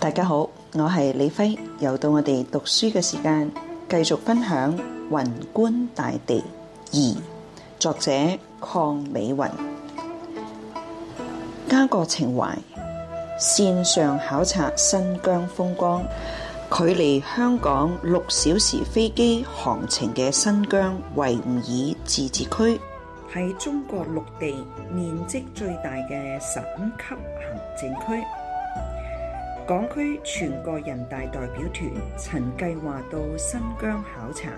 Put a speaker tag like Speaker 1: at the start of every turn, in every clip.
Speaker 1: 大家好，我係李輝，又到我哋讀書嘅時間，繼續分享《雲觀大地二》，作者鄺美雲，家國情懷，線上考察新疆風光，距離香港六小時飛機航程嘅新疆維吾爾自治區，係中國陸地面積最大嘅省級行政區。港區全國人大代表團曾計劃到新疆考察，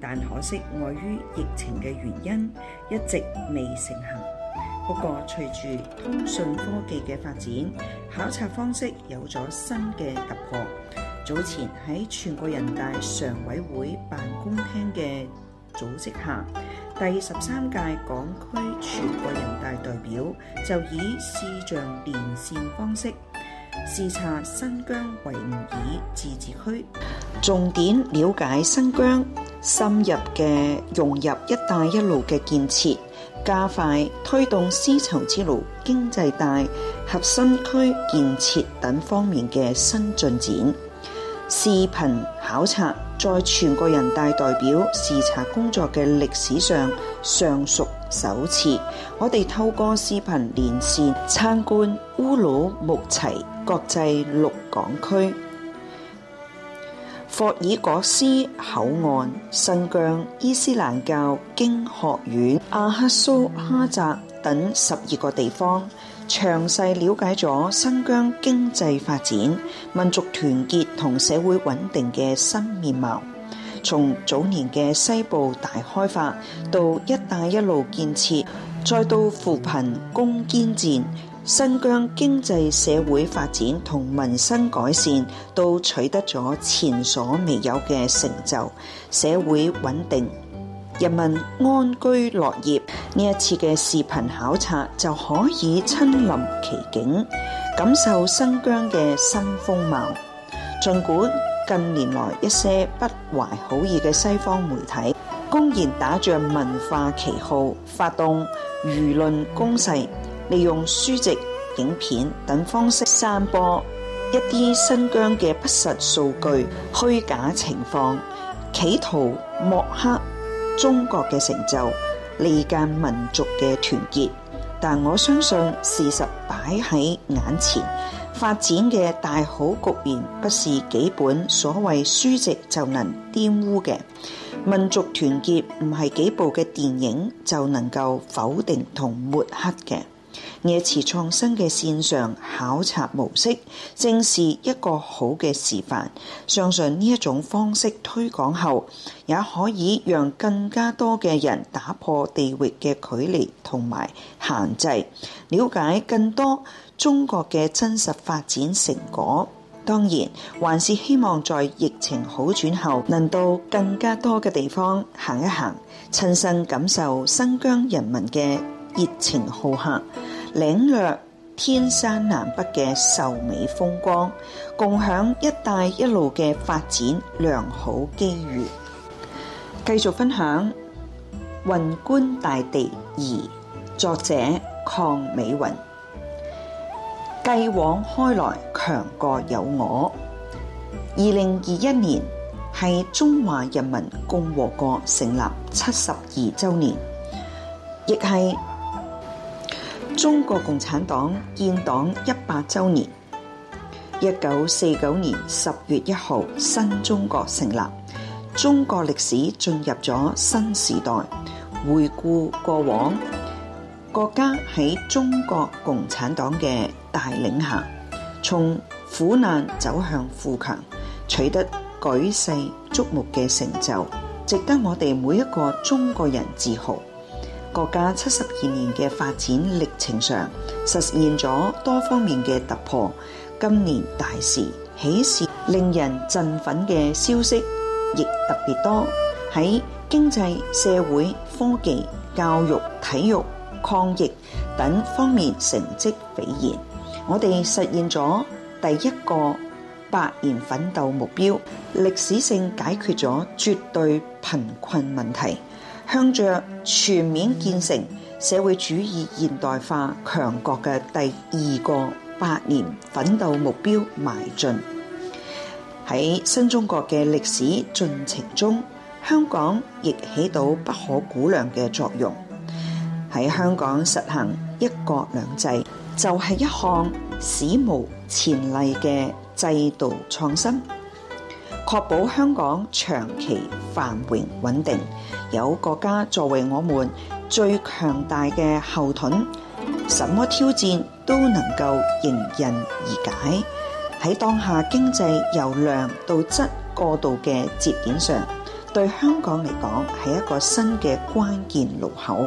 Speaker 1: 但可惜礙於疫情嘅原因，一直未成行。不過隨住通訊科技嘅發展，考察方式有咗新嘅突破。早前喺全國人大常委會辦公廳嘅組織下，第十三屆港區全國人大代表就以視像連線方式，視察新疆維吾爾自治區，重點了解新疆深入嘅融入“一帶一路”嘅建設，加快推動絲綢之路經濟帶核心區建設等方面嘅新進展。視頻考察在全國人大代表視察工作嘅歷史上尚屬首次。我哋透過視頻連線參觀烏魯木齊。國際陸港區、霍爾果斯口岸、新疆伊斯蘭教經學院、阿克蘇哈澤等十二個地方，詳細了解咗新疆經濟發展、民族團結同社會穩定嘅新面貌。從早年嘅西部大開發，到“一帶一路”建設，再到扶貧攻堅戰。新疆經濟社會發展同民生改善都取得咗前所未有嘅成就，社會穩定，人民安居樂業。呢一次嘅視頻考察就可以親臨其境，感受新疆嘅新風貌。盡管近年來一些不懷好意嘅西方媒體公然打着文化旗號，發動輿論攻勢，利用書籍、影片等方式散播一啲新疆嘅不實數據、虛假情況，企圖抹黑中國嘅成就，離間民族嘅團結。但我相信事實擺喺眼前，發展嘅大好局面不是幾本所謂書籍就能玷污嘅，民族團結唔係幾部嘅電影就能夠否定同抹黑嘅。呢一次創新嘅線上考察模式，正是一個好嘅示範。相信呢一種方式推廣後，也可以讓更加多嘅人打破地域嘅距離同埋限制，了解更多中國嘅真實發展成果。當然，還是希望在疫情好轉後，能到更加多嘅地方行一行，親身感受新疆人民嘅。熱情好客，領略天山南北嘅秀美風光，共享一帶一路嘅發展良好機遇。繼續分享《雲觀大地二》，作者鄺美雲。繼往開來，強國有我。二零二一年，係中華人民共和國成立七十二周年，亦係。中國共產黨建黨一百周年，一九四九年十月一號，新中國成立，中國歷史進入咗新時代。回顧過往，國家喺中國共產黨嘅帶領下，從苦難走向富強，取得舉世矚目嘅成就，值得我哋每一個中國人自豪。國家七十二年嘅發展歷程上，實現咗多方面嘅突破。今年大事喜事、令人振奮嘅消息亦特別多。喺經濟、社會、科技、教育、體育、抗疫等方面成績斐然。我哋實現咗第一個百年奮鬥目標，歷史性解決咗絕對貧困問題。向着全面建成社會主義現代化強國嘅第二個百年奮鬥目標邁進。喺新中國嘅歷史進程中，香港亦起到不可估量嘅作用。喺香港實行一國兩制，就係、是、一項史無前例嘅制度創新。確保香港長期繁榮穩定，有國家作為我們最強大嘅後盾，什麼挑戰都能夠迎刃而解。喺當下經濟由量到質過渡嘅節點上，對香港嚟講係一個新嘅關鍵路口。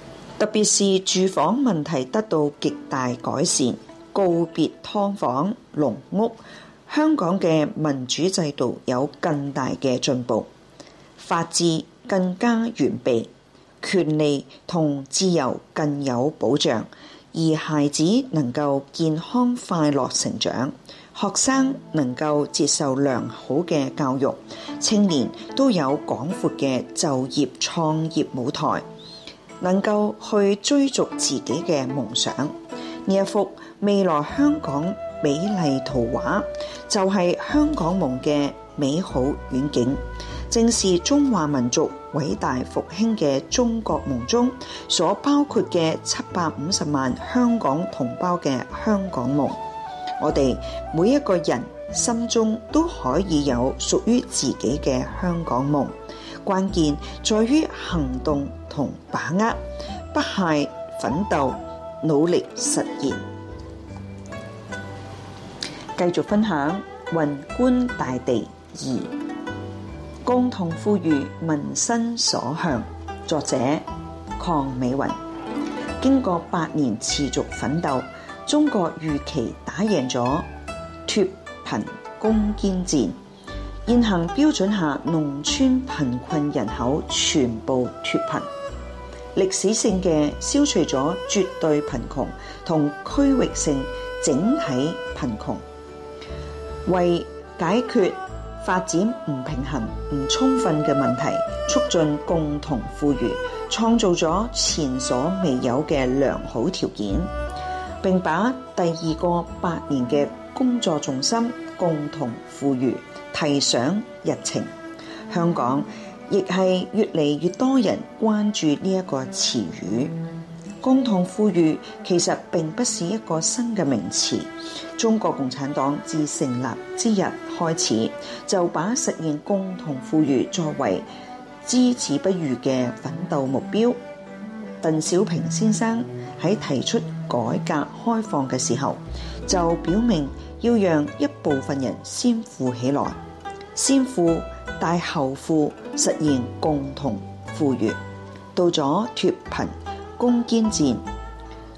Speaker 1: 特別是住房問題得到極大改善，告別劏房、籠屋，香港嘅民主制度有更大嘅進步，法治更加完備，權利同自由更有保障，而孩子能夠健康快樂成長，學生能夠接受良好嘅教育，青年都有廣闊嘅就業創業舞台。能夠去追逐自己嘅夢想，呢一幅未來香港美麗圖畫，就係香港夢嘅美好遠景，正是中華民族偉大復興嘅中國夢中所包括嘅七百五十萬香港同胞嘅香港夢。我哋每一個人心中都可以有屬於自己嘅香港夢。關鍵在於行動同把握，不懈奮鬥努力實現。繼續分享《雲觀大地二》，共同富裕民生所向。作者鄺美雲，經過八年持續奮鬥，中國預期打贏咗脱貧攻堅戰。現行標準下，農村貧困人口全部脫貧，歷史性嘅消除咗絕對貧窮同區域性整體貧窮，為解決發展唔平衡、唔充分嘅問題，促進共同富裕，創造咗前所未有嘅良好條件，並把第二個百年嘅工作重心。共同富裕，提上日程。香港亦係越嚟越多人關注呢一個詞語。共同富裕其實並不是一個新嘅名詞。中國共產黨自成立之日開始，就把實現共同富裕作為矢志不渝嘅奮鬥目標。鄧小平先生喺提出改革開放嘅時候。就表明要讓一部分人先富起來，先富帶後富，實現共同富裕。到咗脫貧攻堅戰，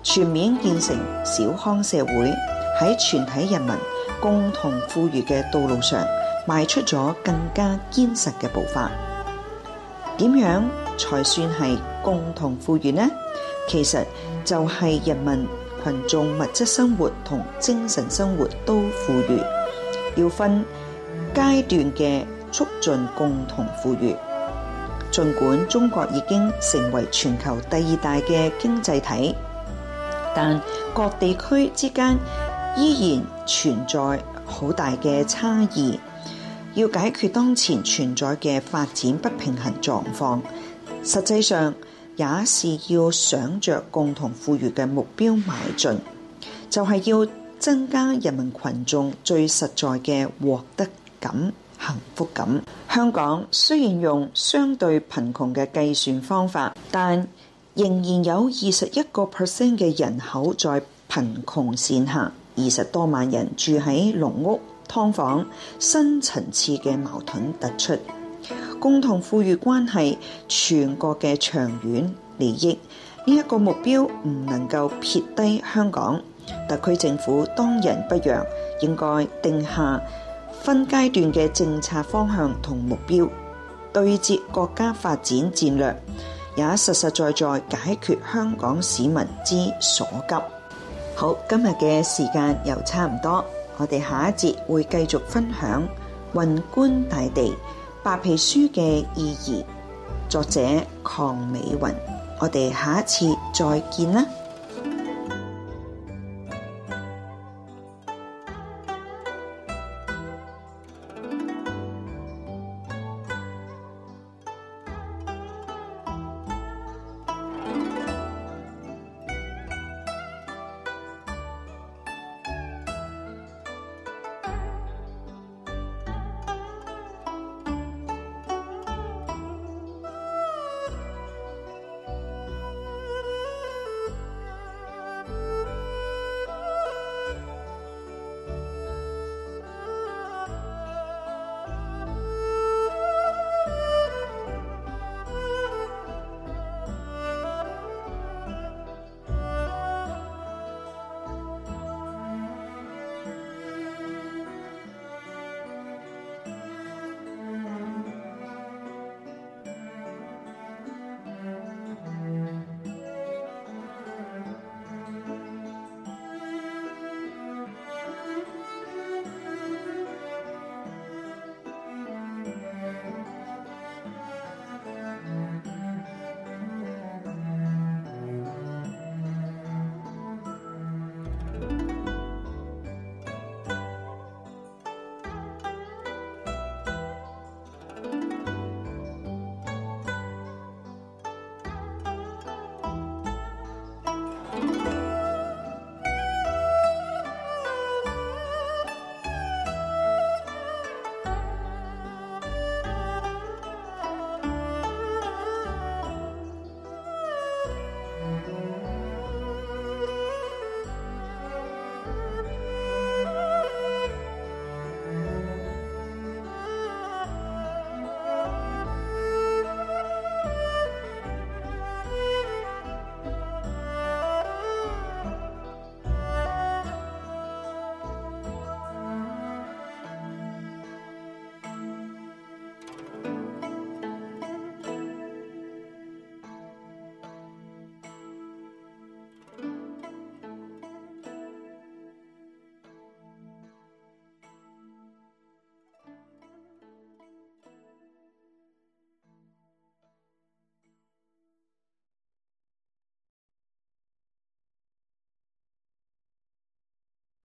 Speaker 1: 全面建成小康社會，喺全體人民共同富裕嘅道路上邁出咗更加堅實嘅步伐。點樣才算係共同富裕呢？其實就係人民。群眾物質生活同精神生活都富裕，要分階段嘅促進共同富裕。盡管中國已經成為全球第二大嘅經濟體，但各地區之間依然存在好大嘅差異。要解決當前存在嘅發展不平衡狀況，實際上。也是要想着共同富裕嘅目標邁進，就係、是、要增加人民群眾最實在嘅獲得感、幸福感。香港雖然用相對貧窮嘅計算方法，但仍然有二十一個 percent 嘅人口在貧窮線下，二十多萬人住喺農屋、劏房，深層次嘅矛盾突出。共同富裕關係全國嘅長遠利益，呢一個目標唔能夠撇低香港。特區政府當仁不讓，應該定下分階段嘅政策方向同目標，對接國家發展戰略，也實實在在解決香港市民之所急。好，今日嘅時間又差唔多，我哋下一節會繼續分享雲觀大地。白皮書嘅意義，作者鄺美雲，我哋下一次再見啦。